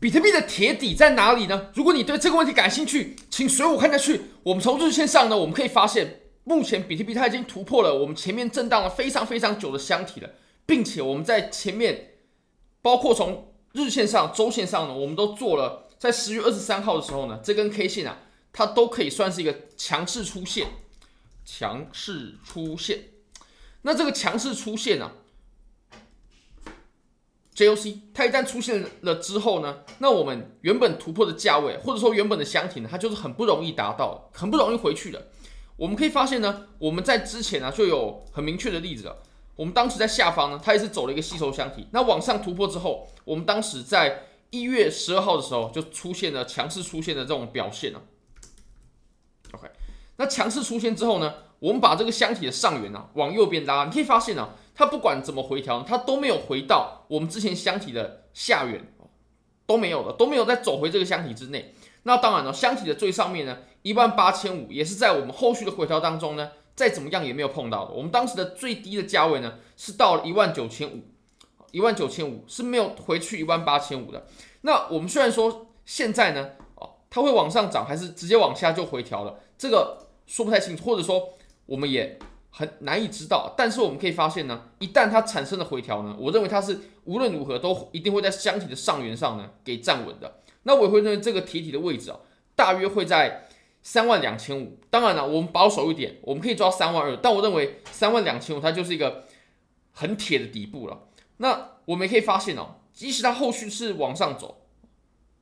比特幣的鐵底在哪裡呢？如果你對這個問題感興趣，請隨我看下去。我們從日線上呢，我們可以發現，目前比特幣它已經突破了我們前面震盪了非常非常久的箱體了，並且我們在前面，包括從日線上、周線上呢，我們都做了，在十月二十三號的時候呢，這根 K 線啊，它都可以算是一個強勢出現，強勢出現。那這個強勢出現呢，啊？JOC，它一旦出現了之後呢，那我們原本突破的價位，或者說原本的箱體呢，它就是很不容易達到，很不容易回去的。我們可以發現呢，我們在之前呢、啊、就有很明確的例子了。我們當時在下方呢，它也是走了一個吸收箱體，那往上突破之後，我們當時在一月十二號的時候就出現了強勢出現的這種表現了。OK，那強勢出現之後呢，我們把這個箱體的上緣呢、啊、往右邊拉，你可以發現呢、啊。它不管怎麼回調呢，它都沒有回到我們之前箱體的下緣，都沒有了，都沒有再走回這個箱體之內。那當然了，哦，箱體的最上面呢，一萬八千五也是在我們後續的回調當中呢，再怎麼樣也沒有碰到的。我們當時的最低的價位呢，是到了一萬九千五，一萬九千五是沒有回去一萬八千五的。那我們雖然說現在呢，哦，它會往上漲還是直接往下就回調了，這個說不太清楚，或者說我們也，很難以知道，但是我們可以發現呢，一旦它產生了回調呢，我認為它是無論如何都一定會在箱體的上緣上呢給站穩的。那我也會認為這個鐵底的位置啊、哦，大約會在三萬兩千五。當然了，我們保守一點，我們可以抓三萬二，但我認為三萬兩千五它就是一個很鐵的底部了。那我們也可以發現哦，即使它後續是往上走，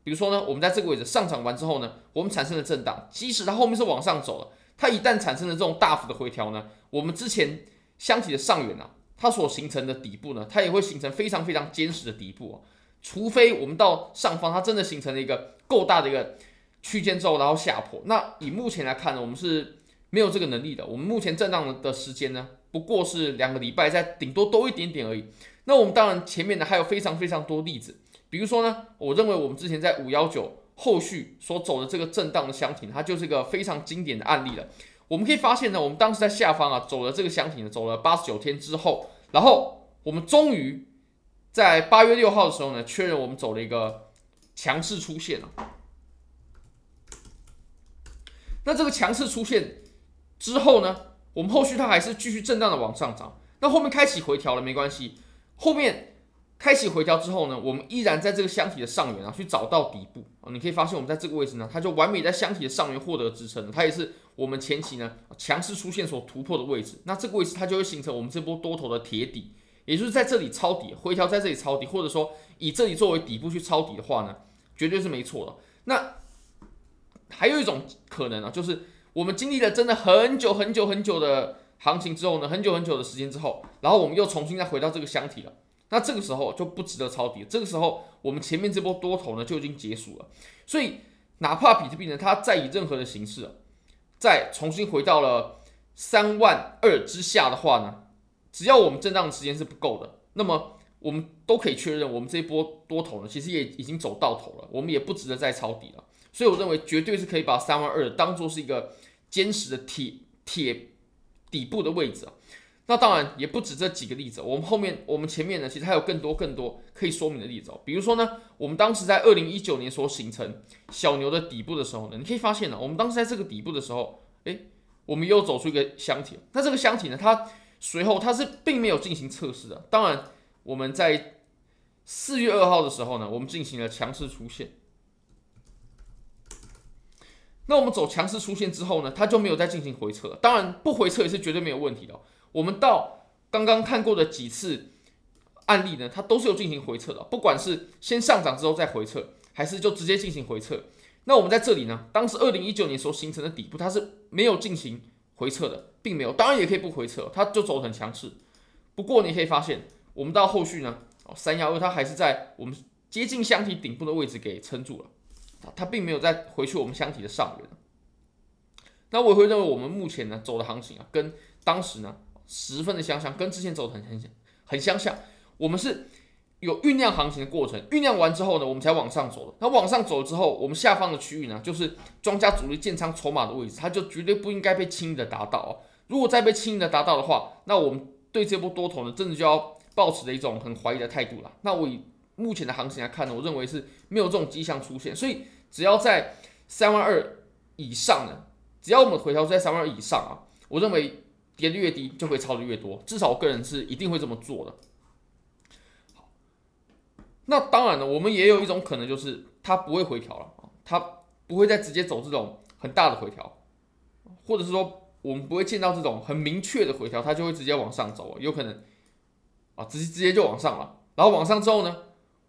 比如說呢，我們在這個位置上漲完之後呢，我們產生了震盪，即使它後面是往上走了，它一旦產生了這種大幅的回調呢。我們之前箱體的上緣、啊、它所形成的底部呢，它也會形成非常非常堅實的底部、啊、除非我們到上方它真的形成了一個夠大的一個區間之後，然後下破。那以目前來看呢，我們是沒有這個能力的。我們目前震盪的時間呢，不過是兩個禮拜，再頂多多一點點而已。那我們當然前面呢還有非常非常多例子，比如說呢，我認為我們之前在五幺九後續所走的這個震盪的箱體，它就是一個非常經典的案例了。我們可以發現呢，我們當時在下方啊，走了這個箱體呢，走了八十九天之後，然後我們終於在八月六號的時候呢，確認我們走了一個強勢出現啊。那這個強勢出現之後呢，我們後續它還是繼續震盪的往上漲，那後面開啟回調了，沒關係，後面。開啟回調之後呢，我們依然在這個箱體的上緣啊去找到底部。哦，你可以發現我們在這個位置呢，它就完美在箱體的上緣獲得支撐，它也是我們前期呢強勢出現所突破的位置。那這個位置它就會形成我們這波多頭的鐵底，也就是在這裡抄底，回調在這裡抄底，或者說以這裡作為底部去抄底的話呢，絕對是沒錯的。那還有一種可能啊，就是我們經歷了真的很久很久很久的行情之後呢，很久很久的時間之後，然後我們又重新再回到這個箱體了。那這個時候就不值得抄底了。這個時候，我們前面這波多頭呢就已經結束了。所以，哪怕比特幣呢它再以任何的形式，再重新回到了三萬二之下的話呢，只要我們震盪的時間是不夠的，那麼我們都可以確認，我們這一波多頭呢其實也已經走到頭了，我們也不值得再抄底了。所以，我認為絕對是可以把三萬二當做是一個堅實的鐵鐵底部的位置啊。那當然也不止這幾個例子，我們後面我們前面呢，其實還有更多更多可以說明的例子哦。比如說呢，我們當時在二零一九年所形成小牛的底部的時候呢，你可以發現呢、啊，我們當時在這個底部的時候，哎，我們又走出一個箱體。那這個箱體呢，它隨後它是並沒有進行測試的。當然，我們在四月二號的時候呢，我們進行了強勢出現。那我們走強勢出現之後呢，它就沒有再進行回撤。當然，不回撤也是絕對沒有問題的、哦。我們到剛剛看過的幾次案例呢，它都是有進行回撤的，不管是先上漲之後再回撤，還是就直接進行回撤。那我們在這裡呢，當時二零一九年所形成的底部，它是沒有進行回撤的，並沒有。當然也可以不回撤，它就走得很強勢。不過你可以發現，我們到後續呢，312它還是在我們接近箱體頂部的位置給撐住了，它並沒有再回去我們箱體的上面。那我也會認為我們目前呢走的行情啊，跟當時呢，十分的相像，跟之前走的很像、很、很相像。我們是有醞釀行情的過程，醞釀完之後呢，我們才往上走的。那往上走之後，我們下方的區域呢，就是莊家主力建倉籌碼的位置，它就絕對不應該被輕易的達到哦。如果再被輕易的達到的話，那我們對這波多頭呢，真的就要抱持著一種很懷疑的態度了。那我以目前的行情來看呢，我認為是沒有這種跡象出現。所以只要在三萬二以上呢，只要我們回調在三萬二以上啊，我認為。跌的越低，就會抄的越多。至少我個人是一定會這麼做的。好，那當然了，我們也有一種可能，就是它不會回調了，它不會再直接走這種很大的回調，或者是說我們不會見到這種很明確的回調，它就會直接往上走，有可能啊，直接直接就往上了。然後往上之後呢，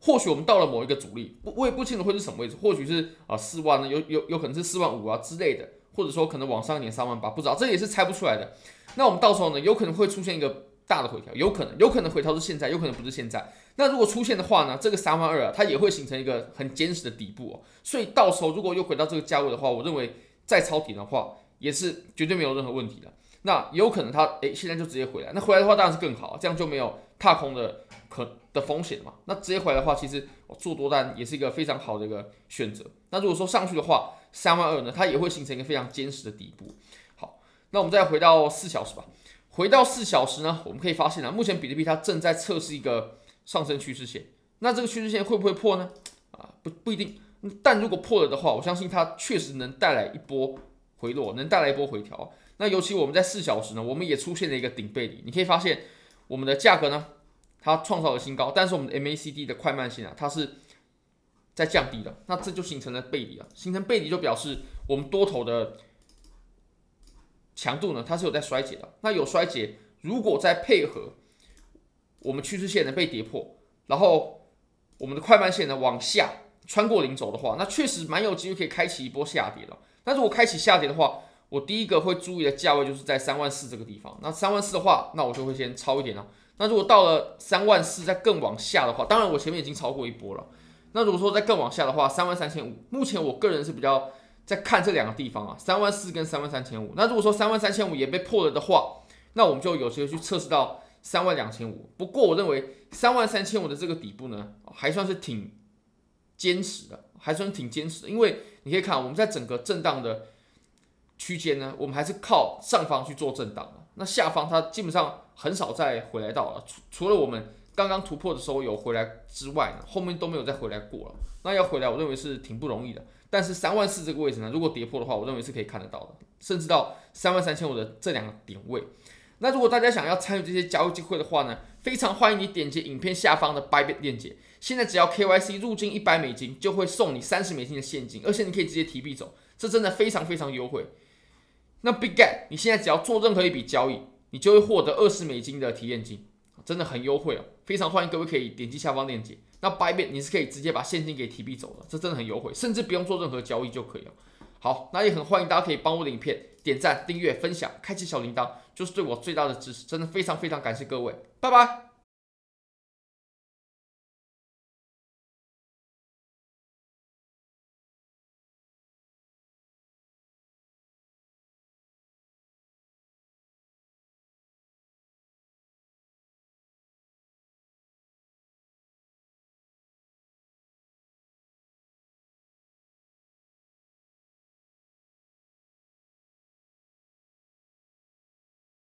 或許我們到了某一個阻力，我也不清楚會是什麼位置，或許是啊四萬呢，有有有可能是四萬五啊之類的。或者說可能往上一點三萬八，不知道，這也是猜不出來的。那我們到時候呢，有可能會出現一個大的回調，有可能，有可能回調是現在，有可能不是現在。那如果出現的話呢，這個三萬二啊，它也會形成一個很堅實的底部哦。所以到時候如果又回到這個價位的話，我認為再抄底的話，也是絕對沒有任何問題的。那有可能它誒現在就直接回來，那回來的話當然是更好，這樣就沒有踏空的可的風險嘛。那直接回來的話，其實做多單也是一個非常好的一個選擇。那如果說上去的話，三萬二呢，它也會形成一個非常堅實的底部。好，那我們再回到四小時吧。回到四小時呢，我們可以發現啊，目前比特幣它正在測試一個上升趨勢線。那這個趨勢線會不會破呢？啊，不不一定。但如果破了的話，我相信它確實能帶來一波回落，能帶來一波回調。那尤其我們在四小時呢，我們也出現了一個頂背離。你可以發現，我們的價格呢，它創造了新高，但是我們的 MACD 的快慢線啊，它是。再降低了，那這就形成了背離了。形成背離就表示我們多頭的強度呢，它是有在衰竭的。那有衰竭，如果再配合我們趨勢線呢被跌破，然後我們的快慢線呢往下穿過零軸的話，那確實蠻有機會可以開啟一波下跌了。那如果開啟下跌的話，我第一個會注意的價位就是在三萬四這個地方。那三萬四的話，那我就會先抄一點了。那如果到了三萬四再更往下的話，當然我前面已經抄過一波了。那如果說再更往下的話，三萬三千五，目前我個人是比較在看這兩個地方啊，三萬四跟三萬三千五。那如果說三萬三千五也被破了的話，那我們就有機會去測試到三萬兩千五。不過我認為三萬三千五的這個底部呢，還算是挺堅實的，還算挺堅實的，因為你可以看我們在整個震盪的區間呢，我們還是靠上方去做震盪的。那下方它基本上很少再回來到了，除除了我們。剛剛突破的時候有回來之外呢，後面都沒有再回來過了。那要回來，我認為是挺不容易的。但是三萬四這個位置呢，如果跌破的話，我認為是可以看得到的，甚至到三萬三千五的這兩個點位。那如果大家想要參與這些交易機會的話呢，非常歡迎你點擊影片下方的 Bybit 鏈接。現在只要 KYC 入金一百美金，就會送你三十美金的現金，而且你可以直接提幣走，這真的非常非常優惠。那 Bitget，你現在只要做任何一筆交易，你就會獲得二十美金的體驗金，真的很優惠哦。非常歡迎各位可以點擊下方鏈接，那 Bybit 你是可以直接把現金給提幣走的。這真的很優惠，甚至不用做任何交易就可以了。好，那也很歡迎大家可以幫我的影片點讚、訂閱、分享、開啟小鈴鐺，就是對我最大的支持，真的非常非常感謝各位，拜拜。